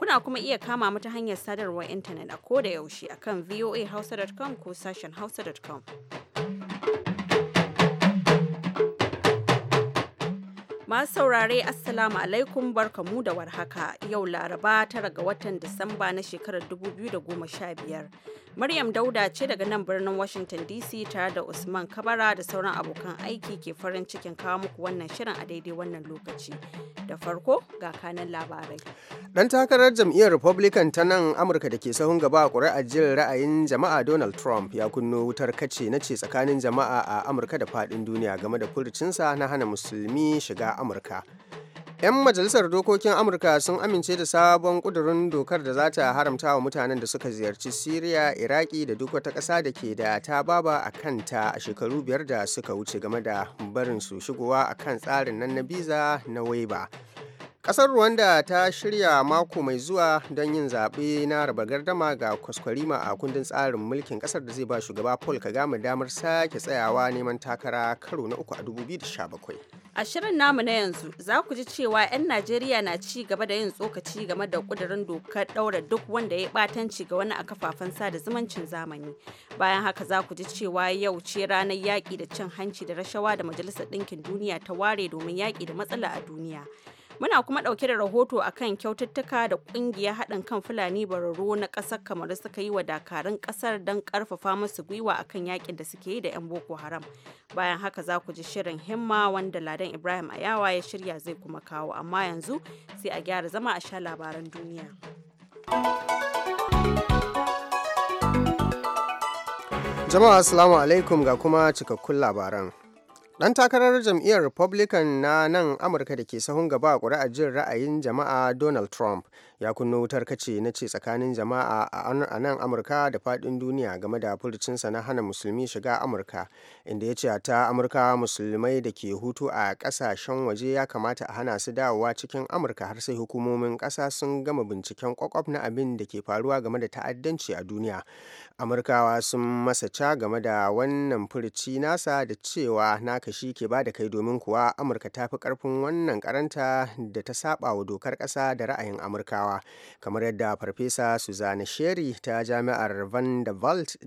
Kuna kuma iya kama mu ta hanyar sadarwar intanet a ko da yaushe akan voahausa.com ko sashen hausa.com. Masu saurare Assalamu alaikum barkamu da warhaka yau Laraba tara ga watan Disamba na shekarar 2015. Maryam Dauda ce daga nan birnin Washington DC tare da Usman Kabara da sauran abokan aiki ke farin cikin kawo muku wannan shirin a daidai wannan lokaci. Da farko ga kanan labarai. Dan takarar jam'iyyar Republican ta nan Amurka da ke sahun gaba a ƙuri'ar jin ra'ayin jama'a Donald Trump ya kunno wutar kace na ce tsakanin jama'a a Amurka da faɗin duniya game da furucinsa na hana musulmi shiga amurka 'yan majalisar dokokin amurka sun amince da sabon kudurin dokar da za ta haramta wa mutanen da suka ziyarci syria iraki da duk wata ƙasa da ke da ta baba a kanta a shekaru biyar da suka wuce game da barin su shigowa a kan tsarin nan na biza na waiba ƙasar rwanda ta shirya mako mai zuwa don yin zaɓe na raba gardama ga kwaskwarima a kundin tsarin mulkin ƙasar da zai ba shugaba paul kagame damar sake tsayawa neman takara karo na uku a 2017 A shirin namu na yanzu za ku ji cewa 'yan Najeriya na ci gaba da yin tsokaci game da kudurin dokar ɗaura duk wanda ya ɓatanci ga wani a kafafen sada zumuncin zamani. Bayan haka za ku ji cewa yau ce ranar yaƙi da cin hanci da rashawa da Majalisar Ɗinkin Duniya ta ware domin yaƙi da matsala a duniya. Muna kuma ɗauke da rahoto akan kyaututtuka da ƙungiyar haɗin kan Fulani bararo na ƙasar Kamaru suka yi wa dakarun ƙasar don ƙarfafa musu gwiwa akan yakin da suke yi da 'yan Boko Haram. Bayan haka za ku ji shirin himma wanda Ladan Ibrahim Ayawa ya shirya zai kuma kawo amma yanzu sai a gyara zama a sha labaran duniya. Jama'a Assalamu alaikum ga kuma cikakkun labaran. Ɗan takarar jam'iyyar Republican na nan Amurka da ke sahun gaba a ƙuri'ar jin ra'ayin jama'a Donald Trump ya kunno wutar kace na ce tsakanin jama'a a nan amurka da fadin duniya game da furucinsa na hana musulmi shiga amurka inda ya ce ta amurka musulmai da ke hutu a kasashen waje ya kamata a hana su dawowa cikin amurka har sai hukumomin kasa sun gama binciken kwakwaf na abin da ke faruwa game da ta'addanci a duniya amurkawa sun masa game da wannan furuci nasa da cewa na kashi ke ba da kai domin kuwa amurka ta fi karfin wannan karanta da ta saba wa dokar kasa da ra'ayin amurkawa Turawa kamar yadda farfesa suzanne sherry ta jami'ar van der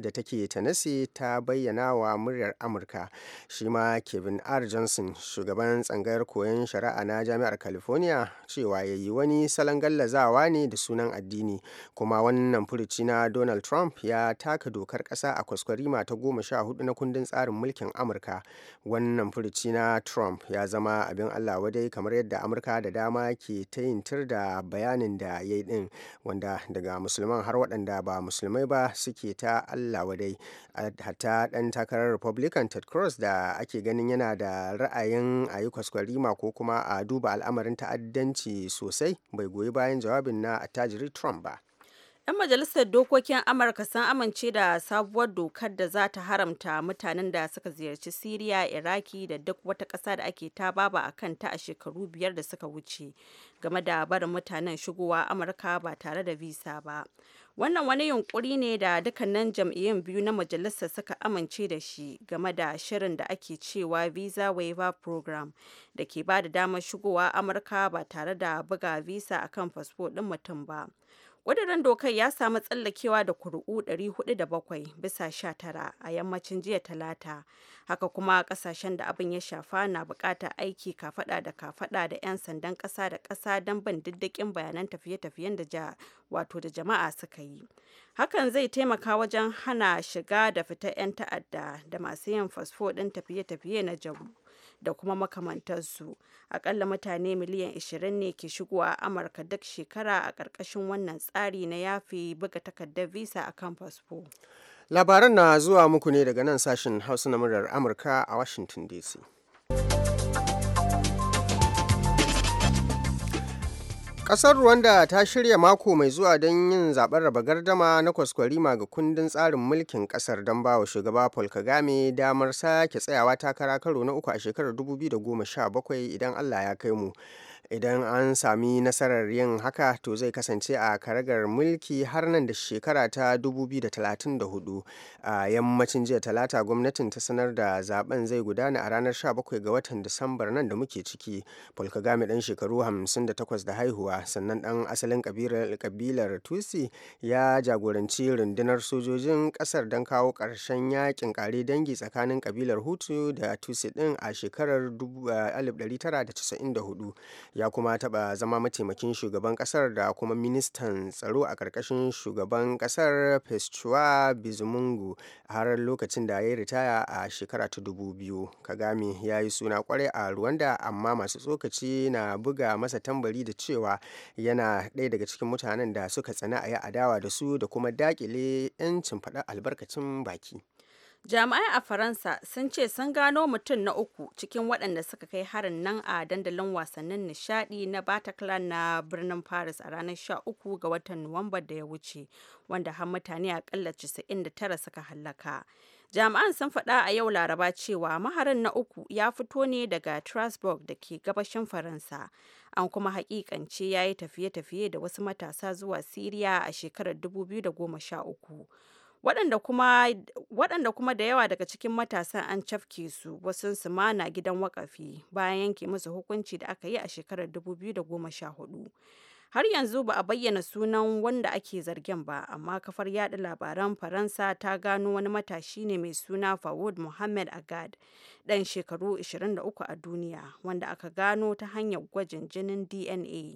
da take tennessee ta bayyana wa muryar amurka shi ma kevin r johnson shugaban tsangayar koyon shari'a na jami'ar california cewa ya yi wani salon gallazawa ne da sunan addini kuma wannan furuci na donald trump ya taka dokar ƙasa a kwaskwarima ta goma sha hudu na kundin tsarin mulkin amurka wannan furuci na trump ya zama abin allah wadai kamar yadda amurka da dama ke ta yin tur da bayanin da yayi ya ɗin wanda daga musulman har waɗanda ba musulmai ba suke ta allah wadai hatta ɗan takarar republican ted cross da ake ganin yana da ra'ayin a yi kwaskwarima ko kuma a duba al'amarin ta'addanci sosai bai goyi bayan jawabin na attajiri trump ba 'Yan majalisar dokokin Amurka sun amince da sabuwar dokar da za ta haramta mutanen da suka ziyarci Siriya, Iraki da duk wata ƙasa da ake ta baba a kanta a shekaru biyar da suka wuce game da barin mutanen shigowa Amurka ba tare da visa ba. Wannan wani yunƙuri ne da dukkanin jam'iyyun biyu na majalisar suka amince da shi game da shirin da ake cewa Visa Waiver Program da ke ba da damar shigowa Amurka ba tare da buga visa akan fasfo ɗin mutum ba. ƙudurin dokar ya samu tsallakewa da kuri'u 407 bisa 19 a yammacin jiya talata haka kuma ƙasashen da abin ya shafa na buƙatar aiki kafaɗa da kafaɗa da 'yan sandan ƙasa da ƙasa don bin diddikin bayanan tafiye-tafiyen da wato da jama'a suka yi hakan zai taimaka wajen hana shiga da fita 'yan ta'adda da masu yin fasfo ɗin tafiye-tafiye na da kuma makamantarsu akalla mutane miliyan 20 ne ke shigowa amurka duk shekara a ƙarƙashin wannan tsari na yafi buga takardar visa a kan fasfo labaran na zuwa muku ne daga nan sashen hausa na murar amurka a washington dc Ƙasar Rwanda ta shirya mako mai zuwa don yin zaɓen raba gardama na kwaskwarima ga kundin tsarin mulkin ƙasar don ba wa shugaba Paul Kagame damar sake tsayawa takara karo na uku a shekarar 2017 idan Allah ya kai mu. idan an sami nasarar yin haka to zai kasance a karagar mulki har nan da shekara ta 2034 a yammacin jiya talata gwamnatin ta sanar da zaben zai gudana a ranar 17 ga watan disambar nan da muke ciki paul dan shekaru 58 da haihuwa sannan dan asalin kabilar tusi ya jagoranci rundunar sojojin kasar don kawo ƙarshen yakin kare dangi tsakanin kabilar hutu da tusi din a shekarar 1994 ya kuma taɓa zama mataimakin shugaban ƙasar da kuma ministan tsaro a ƙarƙashin shugaban ƙasar Festua Bizumungu har lokacin da ya yi ritaya a shekara ta dubu biyu. Kagame ya yi suna kwarai a Rwanda amma masu tsokaci na buga masa tambari da cewa yana ɗaya daga cikin mutanen da suka tsana a yi adawa da su da kuma daƙile 'yancin faɗa albarkacin baki. Jami'ai a Faransa sun ce sun gano mutum na uku cikin waɗanda suka kai harin nan a dandalin wasannin nishadi na Bataclan na birnin Paris a ranar 13 ga watan Nuwamba da ya wuce, wanda har mutane akalla 99 suka hallaka. Jami'an sun faɗa a yau Laraba cewa maharin na uku ya fito ne daga Strasbourg da ke gabashin Faransa. An kuma hakikance ya yi tafiye-tafiye da wasu matasa zuwa Siriya a shekarar 2013. waɗanda kuma da yawa daga cikin matasan an cafke su wasu su ma na gidan wakafi bayan yanke musu hukunci da aka yi a shekarar 2014 har yanzu ba a bayyana sunan wanda ake zargin ba amma kafar yada labaran faransa ta gano wani matashi ne mai suna fawod mohammed agad ɗan shekaru 23 a duniya wanda aka gano ta hanyar gwajin jinin dna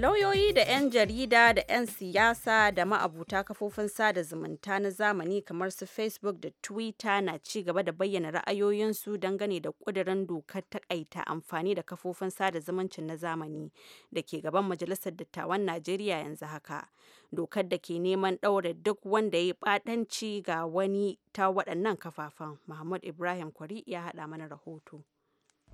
lauyoyi da 'yan jarida da 'yan siyasa da ma'abuta kafofin sada zumunta na zamani kamar su facebook da twitter na ci gaba da bayyana ra'ayoyinsu dangane da kudirin dokar takaita amfani da kafofin sada zumuncin na zamani da ke gaban majalisar dattawan najeriya yanzu haka dokar da ke neman ɗaure duk wanda ya yi ɓatanci ga wani ta waɗannan kafafen Muhammad ibrahim kwari ya haɗa mana rahoto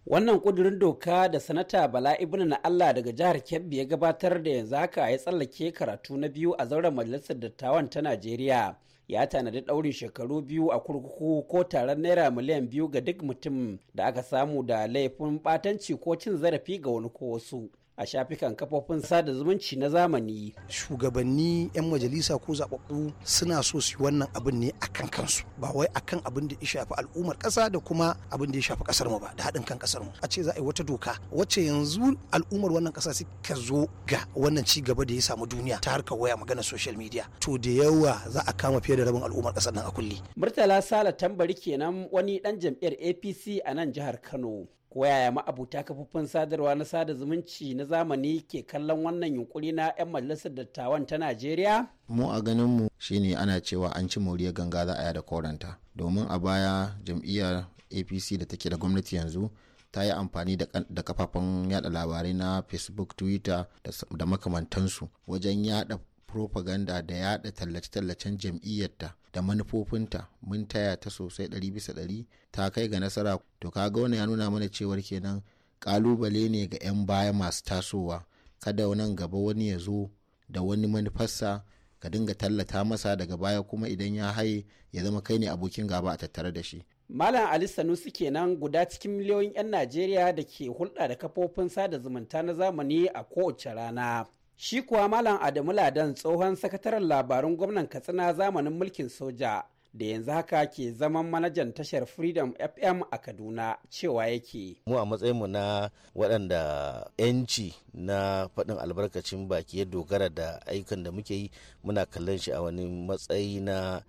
wannan kudurin doka da sanata bala ibn na allah daga jihar kebbi ya gabatar da yanzu haka ya tsallake karatu na biyu a zauren majalisar dattawan ta najeriya ya tanadi daurin shekaru biyu a kurkuku ko taron naira miliyan biyu ga duk mutum da aka samu da laifin ɓatanci ko cin zarafi ga wani ko wasu a shafikan kafofin sada zumunci na zamani. Shugabanni 'yan majalisa ko zaɓaɓɓu suna so su wannan abin ne akan kansu ba wai akan abin da ya shafi al'ummar ƙasa da kuma abin da ya shafi ƙasar mu ba da haɗin kan ƙasar mu. A ce za a yi wata doka wacce yanzu al'ummar wannan ƙasa suka zo ga wannan ci gaba da ya samu duniya ta harkar waya magana social media. To da yawa za a kama fiye da rabin al'ummar ƙasar nan a kulli. Murtala Sala Tambari kenan wani ɗan jam'iyyar APC a nan jihar Kano. wayaya ma'abuta kafafen sadarwa na sada zumunci na zamani ke kallon wannan yunkuri na 'yan majalisar dattawan ta najeriya mu a ganin mu shine ana cewa an ci moriyar ganga za a da koranta domin a baya jam'iyyar apc da take da gwamnati yanzu ta yi amfani da kafafen yada labarai na facebook twitter da makamantansu wajen yada propaganda da yada tallace-tallacen jam'iyyarta da manufofinta mun taya ta sosai ɗari bisa ɗari ta kai ga nasara to kaga wani ya nuna mana cewar kenan kalubale ne ga 'yan baya masu tasowa kada nan gaba wani ya zo da wani manufarsa ka dinga tallata masa daga baya kuma idan ya haye ya zama kai ne abokin gaba a tattare da shi Malam Ali Sanusi kenan guda cikin miliyoyin 'yan Najeriya da ke hulɗa da kafofin sada zumunta na zamani a kowace rana. Shi kuwa Malam Adamu Ladan tsohon sakataren labarun gwamnan Katsina zamanin mulkin soja da yanzu haka ke zaman manajan tashar Freedom FM a Kaduna cewa yake. Mu a matsayinmu na waɗanda 'yanci na faɗin albarkacin baki ya dogara da ayyukan da muke yi muna kallon shi a wani matsayi na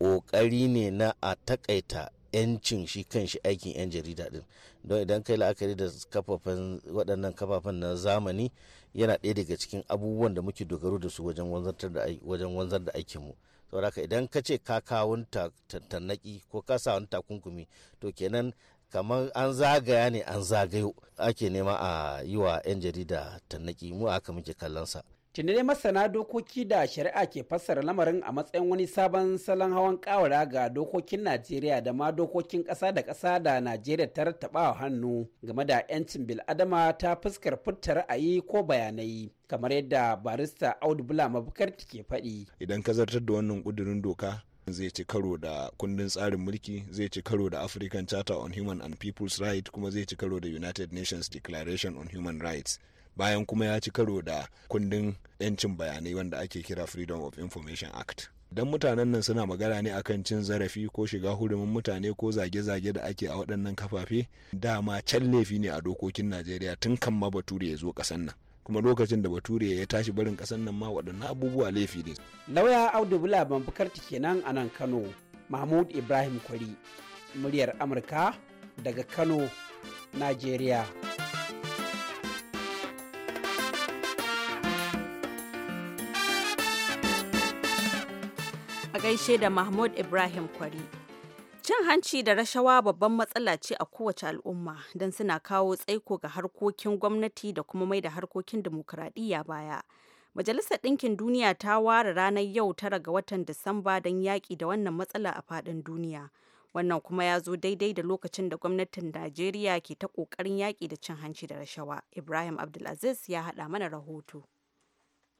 ƙoƙari ne na a takaita yancin shi kan shi aikin 'yan jarida ɗin don idan kai la'akari da kafafen waɗannan kafafen na zamani yana ɗaya daga cikin abubuwan da muke dogaro da su wajen wanzar da aikinmu saboda haka idan ka ce ka kawo tannaki ko ka sa wani takunkumi to kenan kamar an zagaya ne an zagayo ake nema a yi wa 'yan jarida tannaki mu aka muke kallonsa Tunde masana dokoki da shari'a ke fassara lamarin a matsayin wani sabon salon hawan kawara ga dokokin Najeriya da ma dokokin kasa da kasa da Najeriya ta rattaba hannu game da 'yancin bil'adama ta fuskar furta ra'ayi ko bayanai. kamar yadda barista Audu Bula Mabukar ke faɗi. Idan ka zartar da wannan ƙudurin doka zai ci karo da kundin tsarin mulki zai ci karo da african charter on human and people's rights kuma zai ci karo da united nations declaration on human rights bayan kuma ya ci karo da kundin 'yancin bayanai wanda ake kira freedom of information act don mutanen nan suna magana ne akan cin zarafi ko shiga hurumin mutane ko zage-zage da ake a waɗannan kafafe dama can laifi ne a dokokin najeriya tun kan ma bature ya zo ƙasan nan kuma lokacin da bature ya tashi barin ƙasan nan ma waɗannan abubuwa laifi ne lauya audu bula bambukarti kenan a nan kano mahmud ibrahim kwari muryar amurka daga kano najeriya gaishe da Mahmud Ibrahim Kwari. Cin hanci da rashawa babban matsala ce a kowace al'umma don suna kawo tsaiko ga harkokin gwamnati da kuma mai da harkokin dimokuraɗiyya baya. Majalisar Ɗinkin Duniya ta ware ranar yau tara ga watan Disamba don yaƙi da wannan matsala a faɗin duniya. Wannan kuma ya zo daidai da lokacin da gwamnatin Najeriya ke ta ƙoƙarin yaƙi da cin hanci da rashawa. Ibrahim Abdulaziz ya haɗa mana rahoto.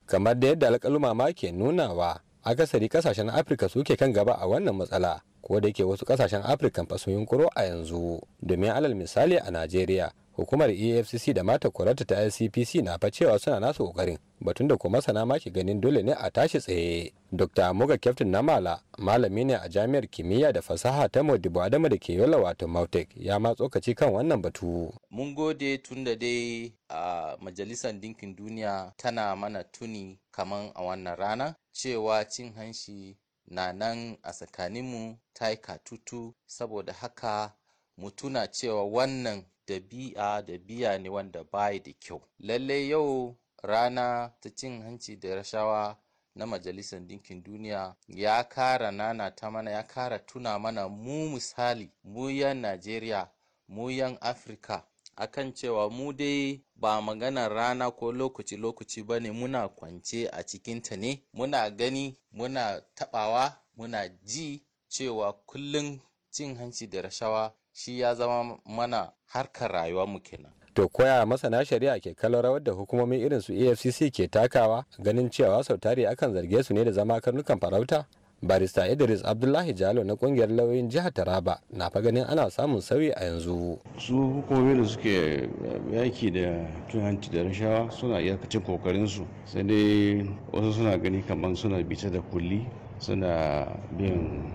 Kamar da yadda alƙaluma ma ke nunawa, akasari kasashen afirka suke kan gaba a wannan matsala ko da yake wasu kasashen afirka fa sun yunkuro a yanzu domin alal misali a najeriya hukumar efcc da mata kwararta ta icpc na fa cewa suna nasu kokarin batun da kuma masana ma ke ganin dole ne a tashi tsaye dr muga na namala malami ne a jami'ar kimiyya da fasaha ta modibo adamu da ke yola wato mautek ya ma tsokaci kan wannan batu mun gode tun da dai a majalisar dinkin duniya tana mana tuni kaman a wannan rana cewa cin hanshi na nan a tsakaninmu ta yi katutu saboda haka mu tuna cewa wannan dabi'a dabi'a ne wanda bayi da kyau lalle yau rana ta cin hanci da rashawa na majalisar dinkin duniya ya kara nana ta mana ya kara tuna mana mu misali mu yan najeriya mu yan afirka akan cewa mu dai ba maganar rana ko lokaci-lokaci ba ne muna kwance a cikinta ne muna gani muna tabawa muna ji cewa kullum cin hanci da rashawa shi ya zama mana harkar rayuwa mu kenan to koya masana shari'a ke kallon rawar da hukumomin irin su afcc ke takawa ganin cewa sau tare akan zarge su ne da zama karnukan farauta barista idris abdullahi jalo na kungiyar lauyoyin jihar taraba na fa ganin ana samun sauyi a yanzu su hukumomi da suke eh, yaki da tunanci da rashawa suna iyakacin kokarin su sai dai wasu suna gani kamar suna bita da kulli suna bin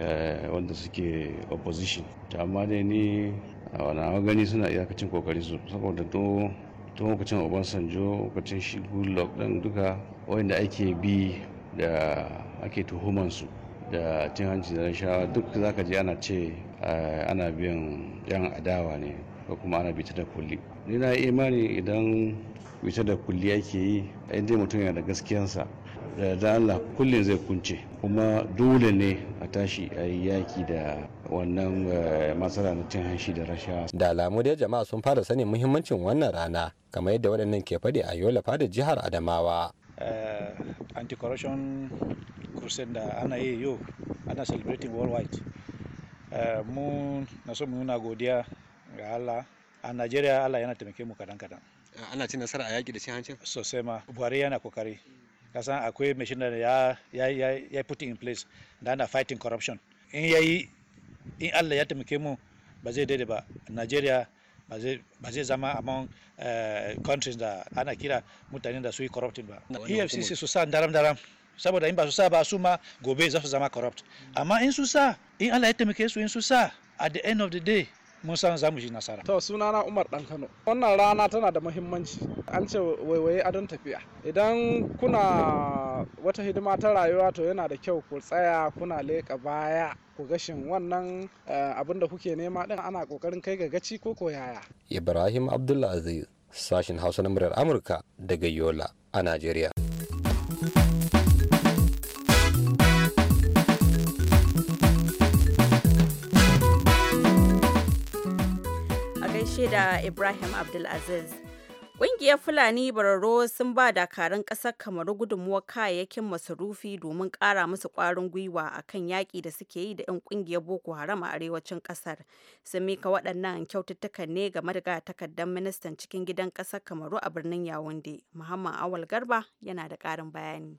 Eh, wanda suke opposition amma dai ni a wani gani suna iyakacin kokari su saboda to tun lokacin sanjo lokacin shi goodluck ɗin duka wanda ake bi da ake tuhumansu da cin hanci da rashawa duk zaka je ana ce eh, ana biyan yan adawa ne ko kuma ana bita da kulli ni na imani idan bita da kulli ake yi inda mutum yana da gaskiyansa da da Allah kulle zai kunce kuma dole ne a tashi a yi yaki da wannan eh, matsala na cin hanshi da rasha. Da alamu dai jama'a sun fara sanin muhimmancin wannan rana kamar yadda waɗannan ke faɗi a yola fada jihar Adamawa. Eh, anti-corruption crusade da ana yi yau ana celebrating worldwide. Eh, mu na so mu nuna godiya ga Allah a Najeriya Allah yana taimake mu kadan-kadan. Ana cin nasara a yaki da cin hancin? Sosai ma. Buhari yana kokari. kasan akwai machine da ya ya ya put in place da ana fighting corruption in yayi in Allah ya taimake mu ba zai daidai ba Nigeria ba zai zama among uh, countries da ana kira mutane da su yi corrupting ba EFCC su sa daram daram saboda in ba su sa ba su ma gobe za su zama corrupt amma in su sa in Allah ya taimake su in su sa at the end of the day mun san za mu ji nasara. To sunana Umar Dan Kano. Wannan rana tana da muhimmanci. An ce waiwaye adon tafiya. Idan kuna wata hidima ta rayuwa to yana da kyau ku tsaya kuna leƙa baya ku gashin wannan eh, abin da kuke nema din ana kokarin kai ga gaci ko ko yaya. Ibrahim Abdullah Aziz, sashin Hausa na muryar Amurka daga Yola a Najeriya. ce da Ibrahim Abdulaziz. Ƙungiyar Fulani Bararo sun ba dakarun ƙasar Kamaru gudunmuwar kayayyakin masarufi domin ƙara musu ƙwarin gwiwa a kan yaƙi da suke yi da 'yan ƙungiyar Boko Haram a arewacin ƙasar. Sun mika waɗannan kyaututtukan ne ga madaga takardar ministan cikin gidan ƙasar Kamaru a birnin Yawunde. Muhammad Awal Garba yana da ƙarin bayani.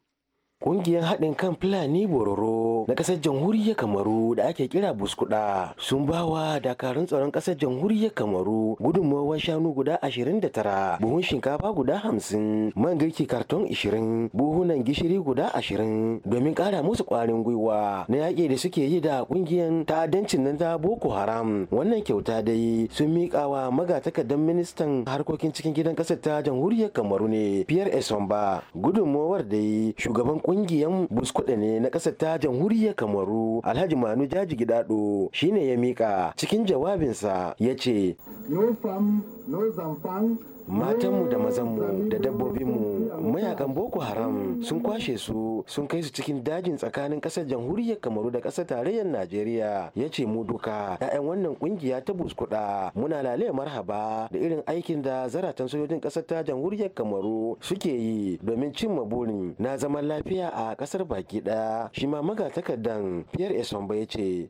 Ƙungiyar haɗin kan Fulani Bororo na ƙasar jamhuriyar Kamaru da ake kira buskuɗa, sun ba wa dakarun tsaron ƙasar jamhuriyar Kamaru gudunmawar shanu guda 29, buhun shinkafa guda 50, man girki karton 20, buhunan gishiri guda 20 domin ƙara musu ƙwarin gwiwa na yaƙi da suke yi da ƙungiyar ta'addancin nan ta Boko Haram. Wannan kyauta dai sun miƙa wa magatakardan ministan harkokin cikin gidan ƙasar ta jamhuriyar Kamaru ne Pierre Esomba. Gudunmawar dai shugaban kungiyan buskuɗe ne na ƙasar ta jamhuriyar kamaru alhaji manu jaji gidado shine ya mika cikin jawabinsa ya ce matanmu da mazanmu da dabbobinmu mayakan boko haram sun kwashe su sun kai su cikin dajin tsakanin kasar jamhuriyar kamaru da kasar tarayyar najeriya ya ce mu duka 'ya'yan wannan kungiya ta buskuda muna lale marhaba da irin aikin da zaratan sojojin kasar ta jamhuriyar kamaru suke yi domin cimma burin na zaman lafiya a kasar baki daya shi ma magatakardan pierre esomba ya ce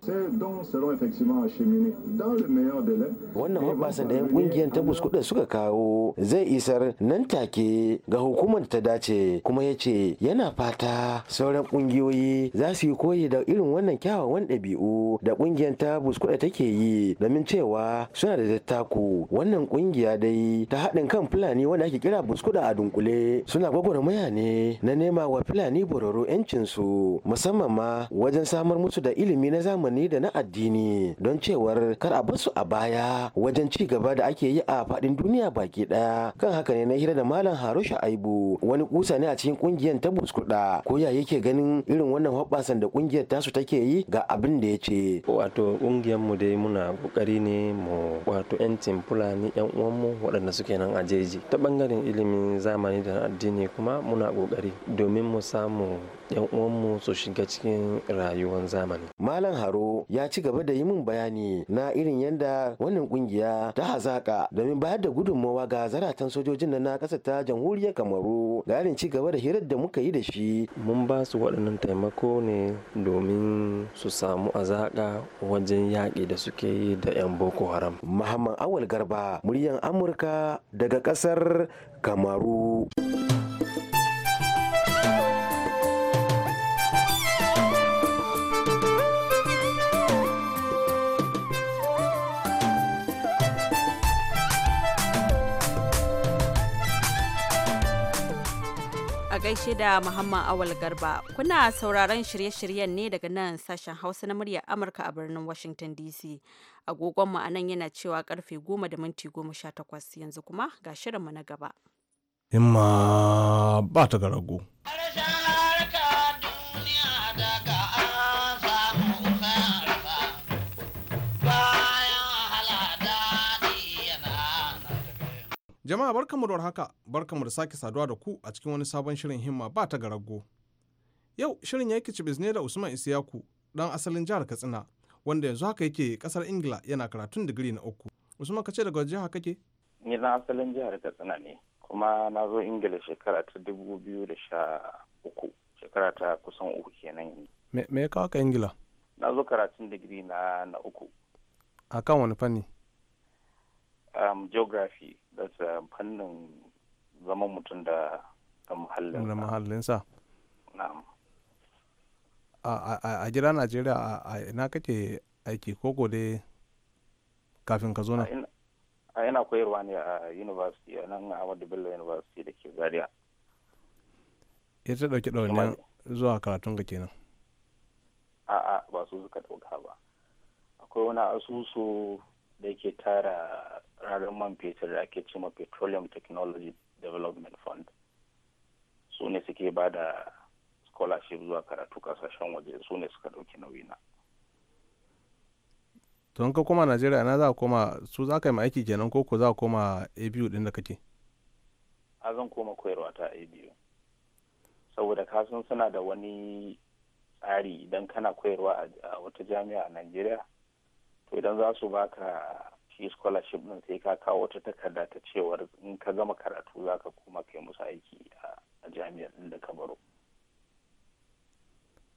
wannan hoɓasan da 'yan kungiyar ta buskuda suka kawo zai isar nan take ga hukumar wadda ta dace kuma ya ce yana fata sauran kungiyoyi za su yi koyi da irin wannan kyawawan ɗabi'u da ƙungiyar ta buskuɗa take yi domin cewa suna da dattaku wannan ƙungiya dai ta haɗin kan fulani wanda ake kira buskuɗa a dunkule suna gwagwarmaya ne na nema wa fulani bororo su musamman ma wajen samar musu da ilimi na zamani da na addini don cewar kar a basu a baya wajen ci gaba da ake yi a faɗin duniya baki ɗaya kan haka ne na hira da malam harusha aibu wani kusa ne a cikin kungiyar ta buskuda ko ya yake ganin irin wannan hoɓɓasan da kungiyar tasu take yi ga abin da ya ce. Wato kungiyar mu dai muna kokari ne mu wato yancin Fulani yan uwan mu. waɗanda suke nan a jeji ta bangaren ilimin zamani da addini kuma muna kokari domin mu samu 'yan uwanmu su shiga cikin rayuwar zamani. Malam Haro ya ci gaba da yi min bayani na irin yadda wannan kungiya ta hazaka domin bayar da gudunmawa ga zaratan sojojin na na ƙasar ta jamhuriyar Kamaru ga irin ci gaba da hirar da muka yi da shi. Mun ba su waɗannan taimako ne domin su samu azaka wajen yaƙi da suke yi da 'yan Boko Haram. Muhammad Awal Garba, muryar Amurka daga ƙasar Kamaru. gaishe da Muhammad Awal Garba. Kuna sauraron shirye-shiryen ne daga nan sashen Hausa na muryar Amurka a birnin Washington DC. Agogonmu a nan yana cewa karfe 10 da minti 18 yanzu kuma ga shirinmu na gaba. Himma ba ta garago. Jama'a barkanmu da haka barkanmu da sake saduwa da ku a cikin wani sabon shirin himma ba ta garago. Yau shirin ya yake cibis ne da Usman Isiyaku dan asalin jihar Katsina wanda yanzu haka yake kasar Ingila yana karatun digiri na uku. Usman kace daga haka kake? Ni na asalin jihar Katsina ne kuma na zo Ingila shekara ta dubu biyu da sha uku shekara ta kusan uku kenan. Me ya kawo ka Ingila? Na zo karatun digiri na na uku. Akan wani fanni? Um, geography faɗaɗa uh, fannin zaman mutum da muhallinsa. sa A gida Najeriya a ina kake aiki koko dai kafin ka zo na? A ina koyarwa ne a university a nan Ahmadu Bello University da ke Zaria. Ya ta ɗauki daunin zuwa karatun ka kenan. A'a ba su suka ɗauka ba. Akwai wani asusu da yake tara ranar man fetur da ake ma petroleum technology development fund su ne suke ba da scholarship zuwa karatu kasashen waje su ne suka ɗauki nauyina to ka koma najeriya na za a koma su za ka yi aiki kenan ko ku za a koma abu din da kake a zan koma koyarwa ta abu saboda kasan suna da wani tsari idan kana koyarwa a wata jami'a a najeriya to idan za su baka shi scholarship din sai ka kawo wata takarda ta cewar in ka gama karatu za ka koma kai musu aiki a jami'ar din da ka baro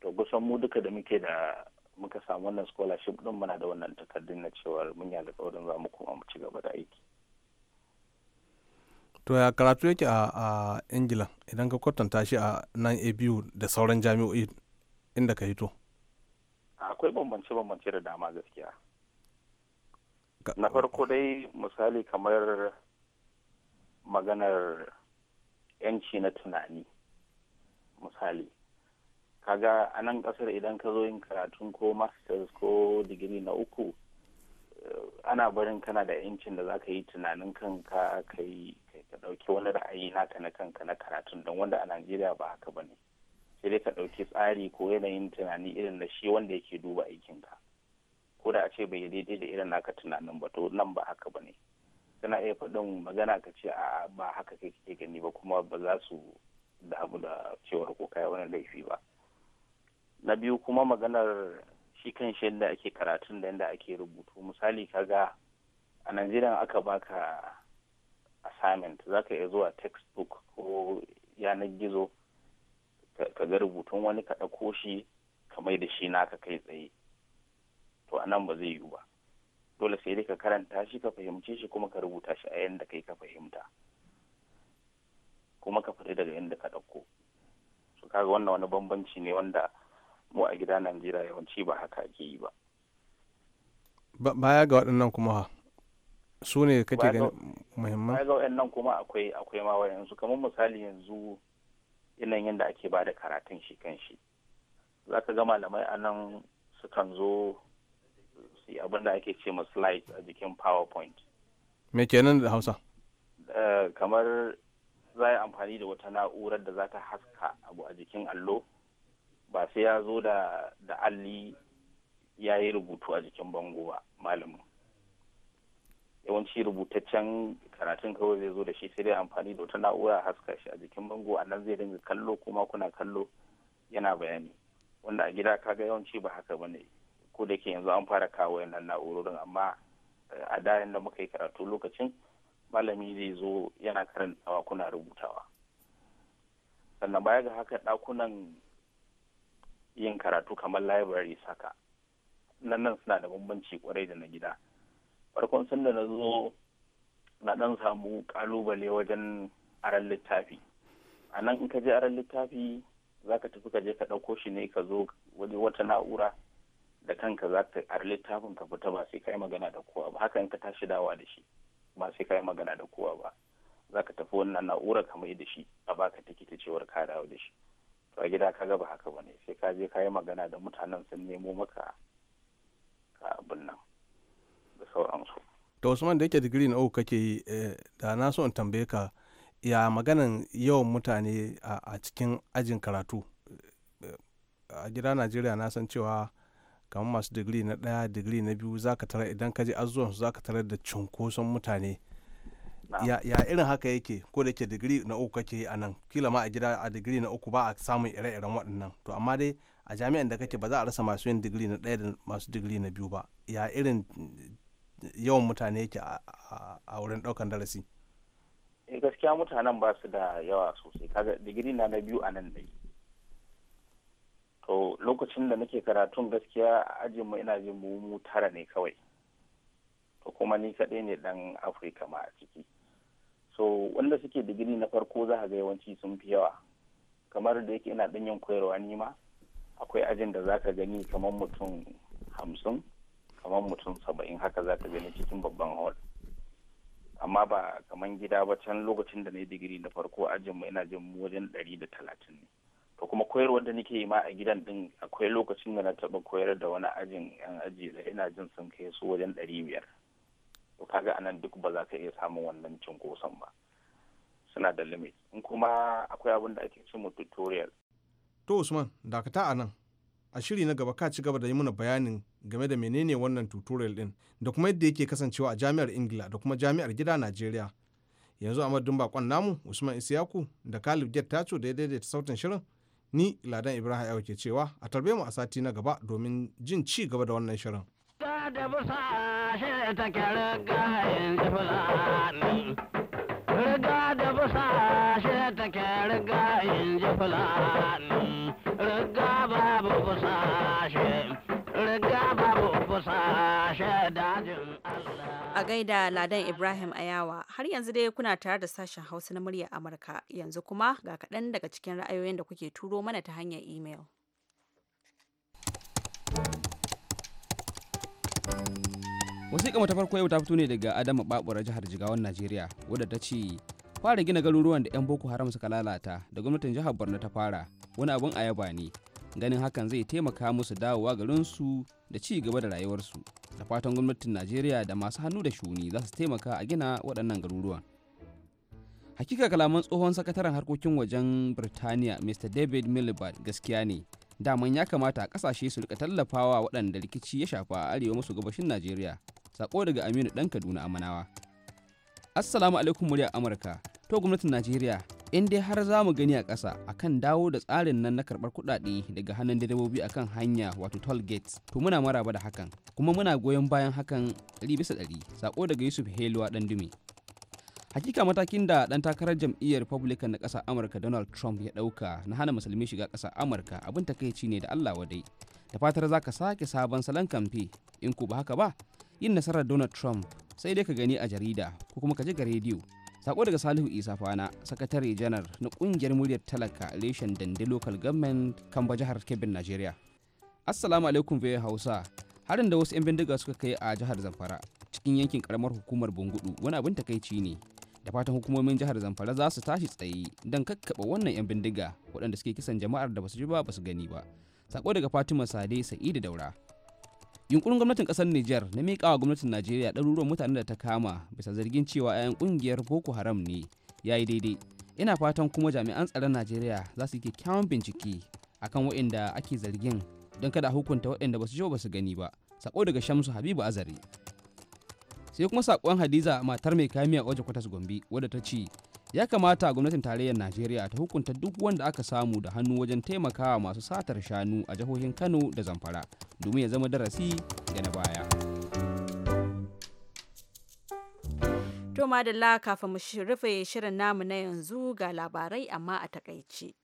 to kusan mu duka da muke da muka samu wannan scholarship din muna da wannan takardun na cewar mun yi alƙawarin za mu koma mu ci gaba da aiki to ya karatu yake a ingila idan ka kwatanta shi a nan abu da sauran jami'o'i inda ka hito akwai bambance-bambance da dama gaskiya na farko dai misali kamar maganar yanci na tunani misali kaga a nan kasar idan ka zo yin karatun ko masters ko digiri na uku eh, ana barin kana da yancin da za ka yi tunanin kanka ka yi ka ɗauki wani ra'ayi naka na kanka na karatun don wanda a najeriya ba haka ba ne sai dai ka ɗauki tsari ko yanayin tunani irin na shi wanda yake duba aikinka ko da a ce bai daidai da irin naka tunanin ba to nan ba haka ba ne kana iya faɗin magana ka ce a ba haka kai kike gani ba kuma ba za su damu da cewar ko kai wani laifi ba na biyu kuma maganar shi kan shi yadda ake karatun da yadda ake rubutu misali kaga a najeriya aka baka assignment za ka iya zuwa textbook ko yanar gizo ka ga rubutun wani ka ɗauko shi ka mai da shi naka kai tsaye to anan ba zai yiwu ba dole sai dai ka karanta shi ka fahimce shi kuma ka rubuta shi a yadda kai ka fahimta kuma ka fita daga yadda ka ɗauko su kaga wannan wani bambanci ne wanda mu a gida najeriya yawanci ba haka ke yi ba baya ga waɗannan kuma su ne kake gani muhimman baya ga waɗannan kuma akwai akwai ma wayansu kamar misali yanzu yanayin yadda ake ba da karatun shi kan shi za ka ga malamai a nan sukan zo policy abinda ake ce ma slides a jikin powerpoint me kenan da hausa eh, kamar za yi amfani da wata na'urar da za ta haska abu a jikin allo ba sai ya zo da alli ya yi rubutu a jikin bango ba malamin yawanci rubutaccen karatun kawai zai zo da shi sai dai amfani da wata na'ura haska shi a jikin bango a nan zai dinga kallo kuma kuna kallo yana bayani wanda a gida kaga yawanci ba haka bane ko da ke yanzu an fara kawo yanan na'urorin amma eh, a da da muka yi karatu lokacin malami zai zo yana karantawa kuna rubutawa sannan baya ga haka ɗakunan yin karatu kamar library saka nan nan suna da bambanci kwarai da na gida farkon sun da na zo na ɗan samu ƙalubale wajen aran littafi a nan in ka je aran littafi za ka tafi ka je ka ɗauko shi ne ka zo wani wata na'ura da kanka za ka a littafin ka fita ba sai ka magana da kowa ba haka in ka tashi dawa da shi ba sai ka magana da kowa ba za ka tafi wannan na'ura ka mai da shi a baka tikiti cewar ka dawo da shi to a gida ka ba haka bane sai ka je ka magana da mutanen sun nemo maka ka abin nan da sauransu to usman da yake digiri na uku kake yi eh, da na so in tambaye ka ya maganan yawan mutane a cikin ajin karatu eh, eh, a gida najeriya na san cewa kamar masu digiri na ɗaya digiri na biyu za ka tarar idan ka je azuwan za ka tarar da cunkoson mutane ya irin haka yake ko da yake digiri na uku kake yi a nan kila ma a gida a digiri na uku ba a samun ire-iren waɗannan to amma dai a jami'an da kake ba za a rasa masu yin digiri na ɗaya da masu digiri na biyu ba ya irin yawan mutane yake a wurin ɗaukan darasi eh, gaskiya mutanen ba su da yawa sosai kaga digiri na na biyu a nan da to lokacin da nake karatun gaskiya a ajinmu ina jin mu tara ne kawai to kuma ni kaɗai ne dan afirka ma a ciki so wanda suke digiri na farko za ga yawanci sun fi yawa kamar da yake ina yin koyarwa ni ma akwai ajin da za ka gani kamar mutum hamsin kamar mutum saba'in haka za ka gani cikin babban hall amma ba kamar gida ba can lokacin da na yi digiri na farko ajin mu ina jin wajen ɗari da talatin ne da kuma koyarwar da nake yi ma a gidan din akwai lokacin da na taɓa koyar da wani ajin yan aji da ina jin sun kai su wajen ɗari biyar to kaga anan duk ba za ka iya samun wannan cunkoson ba suna da limit in kuma akwai abin da ake cin tutorial to usman dakata a nan a shiri na gaba ka ci gaba da yi mana bayanin game da menene wannan tutorial din da kuma yadda yake kasancewa a jami'ar ingila da kuma jami'ar gida najeriya yanzu a madadin bakon namu usman isiyaku da kalib jet tacho da ya daidaita sautin shirin ni ladan ibrahim yau ke cewa a tarbe mu a sati na gaba domin jin ci gaba da wannan shirin ta da busa shi ta kyara gayen fulani riga da busa shi ta kyara gayen fulani riga babu busa A gaida Ladan Ibrahim Ayawa, har yanzu dai kuna tare da sashen Hausa na muryar Amurka, yanzu kuma ga kaɗan daga cikin ra'ayoyin da kuke turo mana ta hanyar imel. Wasiƙa ta farko yau ta fito ne daga Adama Babura jihar Jigawan Najeriya, wadda ta ce fara gina garuruwan da 'yan Boko Haram suka lalata da gwamnatin jihar Borno ta fara wani abin yaba ne. Ganin hakan zai taimaka musu dawowa garinsu da ci gaba da rayuwarsu. da fatan gwamnatin najeriya da masu hannu da shuni za su taimaka a gina waɗannan garuruwan hakika kalaman tsohon sakataren harkokin wajen birtaniya mr david miliband gaskiya ne daman ya kamata a kasashe su rika tallafawa waɗanda rikici ya shafa a arewa maso gabashin najeriya sako daga aminu ɗan kaduna amanawa assalamu alaikum muryar amurka to gwamnatin najeriya in dai har za mu gani a ƙasa akan dawo da tsarin nan na karɓar kuɗaɗe daga hannun direbobi akan hanya wato toll gates to muna maraba da hakan kuma muna goyon bayan hakan ɗari bisa ɗari sako daga yusuf heluwa ɗan dumi hakika matakin da ɗan takarar jam'iyyar republican na ƙasar amurka donald trump ya ɗauka na hana musulmi shiga ƙasar amurka abin takaici ne da allah wadai da fatar za ka sake sabon salon kamfe in ku ba haka ba yin nasarar donald trump sai dai ka gani a jarida ko kuma ka ji ga rediyo sako daga salihu isa fana sakatare janar na kungiyar muryar talaka reshen dande local government kamba jihar kebbin nigeria assalamu alaikum bai hausa harin da wasu 'yan bindiga suka kai a jihar zamfara cikin yankin karamar hukumar bungudu wani abin takaici ne da fatan hukumomin jihar zamfara za su tashi tsaye don kakkaba wannan 'yan bindiga waɗanda suke kisan jama'ar da basu ji ba basu gani ba sako daga fatima sade sa'idu daura yunkurin gwamnatin kasar niger na miƙawa gwamnatin najeriya ɗaruruwan mutanen da ta kama bisa zargin cewa 'ya'yan ƙungiyar boko haram ne ya yi daidai ina fatan kuma jami'an tsaron najeriya za su yi kyakkyawan bincike akan waɗanda ake zargin don kada hukunta waɗanda ba su ba su gani ba sako daga shamsu habibu azari sai kuma sakon hadiza matar mai kamiya waje kwatas gombe wadda ta ce ya kamata gwamnatin tarayyar najeriya ta hukunta duk wanda aka samu da hannu wajen taimakawa masu satar shanu a jihohin kano da zamfara domin ya zama darasi ga na baya to madalla kafin mu rufe shirin namu na yanzu ga labarai amma a takaice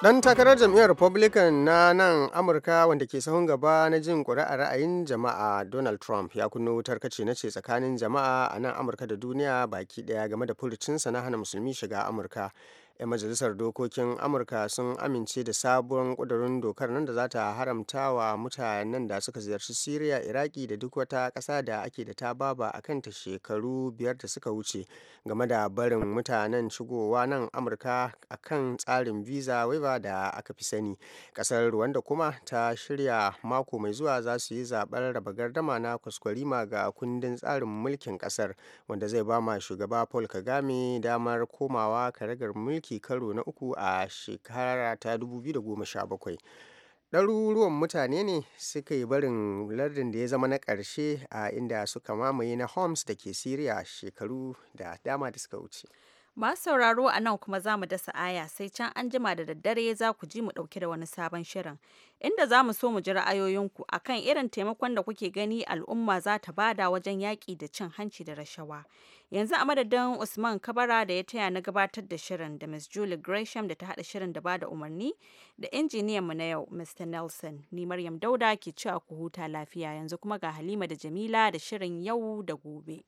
dan takarar jam'iyyar republican na nan amurka wanda ke sahun gaba na jin ƙuri'a ra'ayin jama'a donald trump ya kunno wutar kace na ce tsakanin jama'a a nan amurka da duniya baki ɗaya game da furucinsa na hana musulmi shiga amurka 'yan majalisar dokokin amurka sun amince da sabon kudurin dokar nan da za ta haramta wa mutanen da suka ziyarci syria iraki da duk wata ƙasa da ake da ta baba a kanta shekaru biyar da suka wuce game da barin mutanen shigowa nan amurka a kan tsarin visa waiva da aka fi sani ƙasar rwanda kuma ta shirya mako mai zuwa za su yi zaɓar raba gardama na kwaskwarima ga kundin tsarin mulkin ƙasar wanda zai ba ma shugaba paul kagame damar komawa karagar mulki mulki karo na uku a shekara ta 2017 ɗaruruwan mutane ne suka yi barin lardin da ya zama na ƙarshe a inda suka mamaye na homs da ke syria shekaru da dama da suka wuce masu sauraro a nan kuma za mu dasa aya sai can an jima da daddare za ku ji mu ɗauke da wani sabon shirin inda za mu so mu ji ra'ayoyinku a kan irin taimakon da kuke gani al'umma za ta bada wajen yaƙi da cin hanci da rashawa Yanzu a madadin Usman Kabara da ya taya na gabatar da shirin da Miss Julie Gresham da ta hada shirin da ba da umarni da injiniyan mu na yau Mr. Nelson. Ni Maryam Dauda ke cewa ku huta lafiya yanzu kuma ga Halima da Jamila da shirin yau da gobe.